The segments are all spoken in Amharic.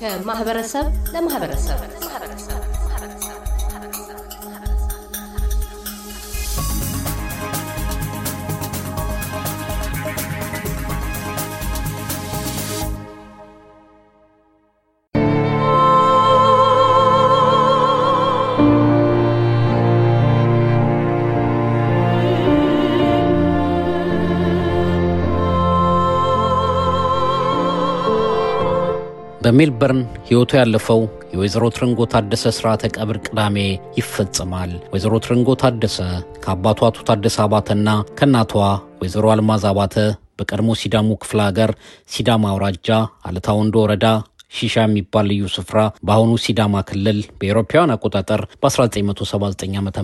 ከማህበረሰብ ለማህበረሰብ በሜልበርን ሕይወቱ ያለፈው የወይዘሮ ትርንጎ ታደሰ ስርዓተ ቀብር ቅዳሜ ይፈጽማል። ወይዘሮ ትርንጎ ታደሰ ከአባቷ አቶ ታደሰ አባተና ከእናቷ ወይዘሮ አልማዝ አባተ በቀድሞ ሲዳሙ ክፍለ ሀገር ሲዳማ አውራጃ አለታ ወንዶ ወረዳ ሺሻ የሚባል ልዩ ስፍራ በአሁኑ ሲዳማ ክልል በኤሮፓውያን አቆጣጠር በ1979 ዓ ም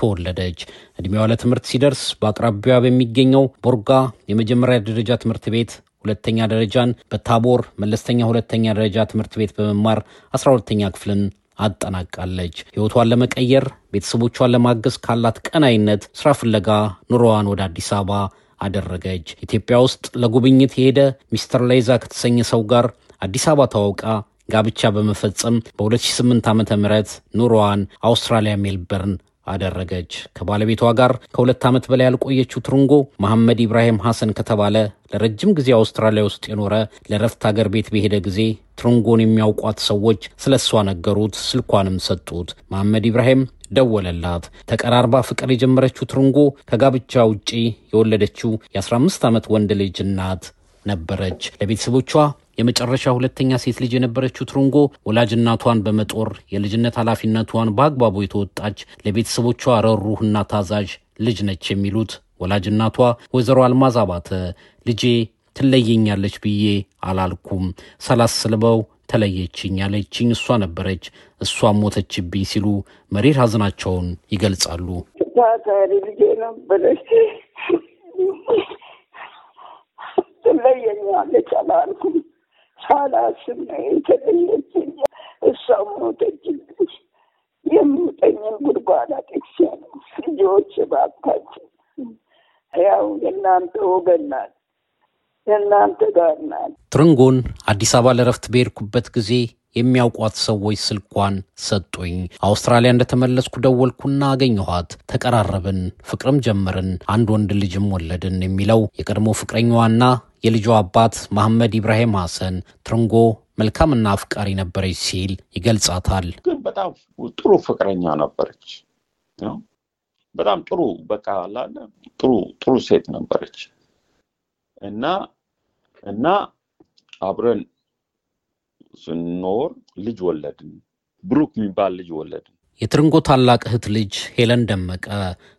ተወለደች። እድሜዋ ለትምህርት ሲደርስ በአቅራቢያ በሚገኘው ቦርጋ የመጀመሪያ ደረጃ ትምህርት ቤት ሁለተኛ ደረጃን በታቦር መለስተኛ ሁለተኛ ደረጃ ትምህርት ቤት በመማር 12ተኛ ክፍልን አጠናቃለች። ሕይወቷን ለመቀየር ቤተሰቦቿን ለማገዝ ካላት ቀናይነት ስራ ፍለጋ ኑሮዋን ወደ አዲስ አበባ አደረገች። ኢትዮጵያ ውስጥ ለጉብኝት የሄደ ሚስተር ላይዛ ከተሰኘ ሰው ጋር አዲስ አበባ ተዋውቃ ጋብቻ በመፈጸም በ2008 ዓ ም ኑሮዋን አውስትራሊያ ሜልበርን አደረገች። ከባለቤቷ ጋር ከሁለት ዓመት በላይ ያልቆየችው ትሩንጎ መሐመድ ኢብራሂም ሐሰን ከተባለ ለረጅም ጊዜ አውስትራሊያ ውስጥ የኖረ ለረፍት አገር ቤት በሄደ ጊዜ ትሩንጎን የሚያውቋት ሰዎች ስለ እሷ ነገሩት፣ ስልኳንም ሰጡት። መሐመድ ኢብራሂም ደወለላት። ተቀራርባ ፍቅር የጀመረችው ትሩንጎ ከጋብቻ ውጪ የወለደችው የ15 ዓመት ወንድ ልጅ እናት ነበረች። ለቤተሰቦቿ የመጨረሻ ሁለተኛ ሴት ልጅ የነበረችው ትሩንጎ ወላጅ እናቷን በመጦር የልጅነት ኃላፊነቷን በአግባቡ የተወጣች ለቤተሰቦቿ ረሩህና ታዛዥ ልጅ ነች የሚሉት ወላጅ እናቷ ወይዘሮ አልማዝ አባተ ልጄ ትለየኛለች ብዬ አላልኩም፣ ሰላስልበው ተለየችኝ ያለችኝ እሷ ነበረች፣ እሷም ሞተችብኝ ሲሉ መሬት ሀዘናቸውን ይገልጻሉ። ታታሪ ልጄ ነበረች ታገኘዋለች አላልኩም። ሳላስብ ነው የተገኘችኝ። እሷም ሞተችልኝ። ጉድጓድ አጥቼ ነው። ልጆች ያው የእናንተ ወገን ናት፣ የእናንተ ጋር ናት። ትርንጎን አዲስ አበባ ለረፍት በሄድኩበት ጊዜ የሚያውቋት ሰዎች ስልኳን ሰጡኝ። አውስትራሊያ እንደተመለስኩ ደወልኩና አገኘኋት። ተቀራረብን፣ ፍቅርም ጀመርን። አንድ ወንድ ልጅም ወለድን የሚለው የቀድሞ ፍቅረኛዋና የልጇ አባት መሐመድ ኢብራሂም ሐሰን ትርንጎ መልካምና አፍቃሪ ነበረች ሲል ይገልጻታል። ግን በጣም ጥሩ ፍቅረኛ ነበረች። በጣም ጥሩ በቃ ላለ ጥሩ ጥሩ ሴት ነበረች እና እና አብረን ስንኖር ልጅ ወለድን። ብሩክ የሚባል ልጅ ወለድን። የትርንጎ ታላቅ እህት ልጅ ሄለን ደመቀ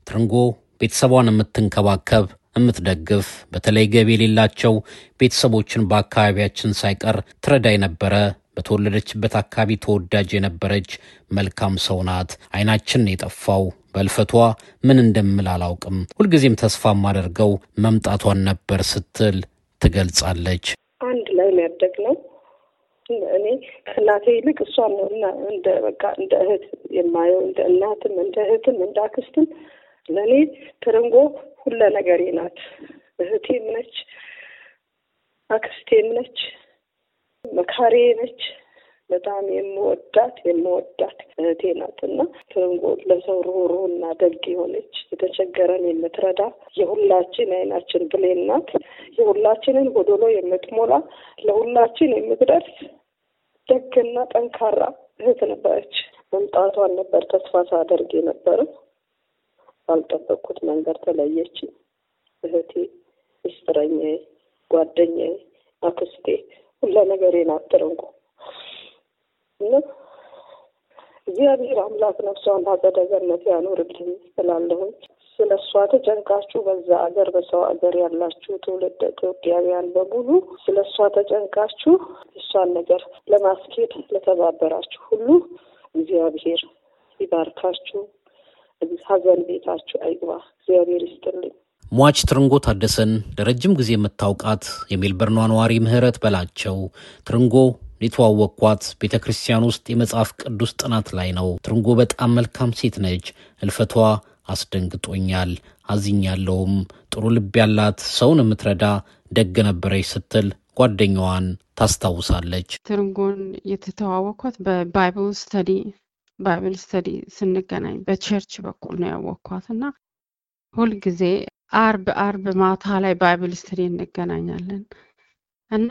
ትርንጎ ቤተሰቧን የምትንከባከብ የምትደግፍ በተለይ ገቢ የሌላቸው ቤተሰቦችን በአካባቢያችን ሳይቀር ትረዳ የነበረ በተወለደችበት አካባቢ ተወዳጅ የነበረች መልካም ሰው ናት። አይናችን የጠፋው በልፈቷ ምን እንደምል አላውቅም። ሁልጊዜም ተስፋ የማደርገው መምጣቷን ነበር ስትል ትገልጻለች። አንድ ላይ ነው። እኔ ከእናቴ ይልቅ እሷን ነው እንደ በቃ እንደ እህት የማየው እንደ እናትም እንደ እህትም እንደ አክስትም ለእኔ ትርንጎ ሁለ ነገሬ ናት። እህቴም ነች፣ አክስቴም ነች፣ መካሬ ነች። በጣም የምወዳት የምወዳት እህቴ ናት እና ትንጎ ለሰው ሩህሩህ እና ደግ የሆነች የተቸገረን የምትረዳ የሁላችን አይናችን ብሌን ናት። የሁላችንን ጎዶሎ የምትሞላ ለሁላችን የምትደርስ ደግና ጠንካራ እህት ነበረች። መምጣቷን ነበር ተስፋ ሳደርግ የነበረው። ባልጠበቅኩት መንገድ ተለየች። እህቴ፣ ምስጥረኛ ጓደኛዬ፣ አክስቴ ሁለ ነገሬ ናት ትርንጎ ነው። እግዚአብሔር አምላክ ነፍሷን በአጸደ ገነት ያኑርልኝ ስላለሁኝ ስለ እሷ ተጨንቃችሁ በዛ አገር በሰው አገር ያላችሁ ትውልድ ኢትዮጵያውያን በሙሉ ስለ እሷ ተጨንቃችሁ እሷን ነገር ለማስኬድ ለተባበራችሁ ሁሉ እግዚአብሔር ይባርካችሁ፣ ሀዘን ቤታችሁ አይግባ። እግዚአብሔር ይስጥልኝ። ሟች ትርንጎ ታደሰን ለረጅም ጊዜ የምታውቃት የሜልበርኗ ነዋሪ ምህረት በላቸው ትርንጎ የተዋወቅኳት ቤተ ክርስቲያን ውስጥ የመጽሐፍ ቅዱስ ጥናት ላይ ነው። ትርንጎ በጣም መልካም ሴት ነች። እልፈቷ አስደንግጦኛል። አዝኛለውም። ጥሩ ልብ ያላት፣ ሰውን የምትረዳ ደግ ነበረች ስትል ጓደኛዋን ታስታውሳለች። ትርንጎን የተተዋወቅኳት በባይብል ስተዲ ባይብል ስተዲ ስንገናኝ በቸርች በኩል ነው ያወቅኳት እና ሁልጊዜ አርብ አርብ ማታ ላይ ባይብል ስተዲ እንገናኛለን እና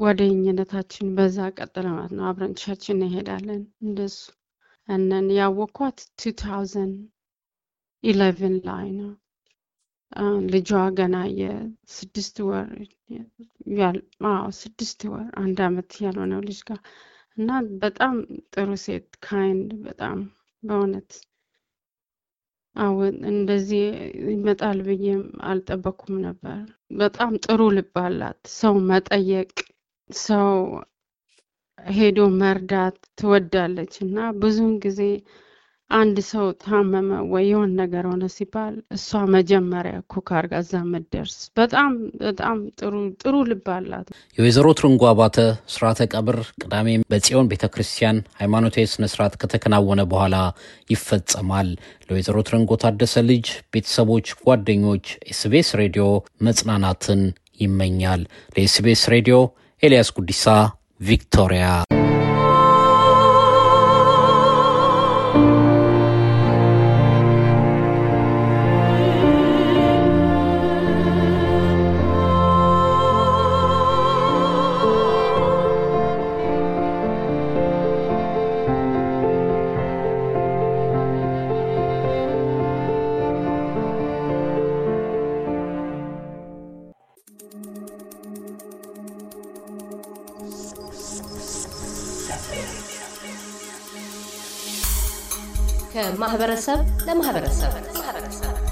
ጓደኝነታችን በዛ ቀጠለ ማለት ነው። አብረን ቸርች እንሄዳለን። እንደሱ እነን ያወኳት ቱ ታውዘንድ ኢለቨን ላይ ነው። ልጇ ገና የስድስት ወር ስድስት ወር አንድ አመት ያልሆነው ልጅ ጋር እና በጣም ጥሩ ሴት ካይንድ፣ በጣም በእውነት አሁን እንደዚህ ይመጣል ብዬም አልጠበኩም ነበር። በጣም ጥሩ ልብ አላት። ሰው መጠየቅ ሰው ሄዶ መርዳት ትወዳለች እና ብዙውን ጊዜ አንድ ሰው ታመመ ወይ የሆን ነገር ሆነ ሲባል እሷ መጀመሪያ ኩካር ጋዛ እዛ በጣም በጣም ጥሩ ጥሩ ልብ አላት። የወይዘሮ ትርንጎ አባተ ስርዓተ ቀብር ቅዳሜ በጽዮን ቤተ ክርስቲያን ሃይማኖታዊ ስነ ስርዓት ከተከናወነ በኋላ ይፈጸማል። ለወይዘሮ ትርንጎ ታደሰ ልጅ ቤተሰቦች፣ ጓደኞች ኤስቤስ ሬዲዮ መጽናናትን ይመኛል። ለኤስቤስ ሬዲዮ ኤልያስ ጉዲሳ ቪክቶሪያ ከማህበረሰብ ለማህበረሰብ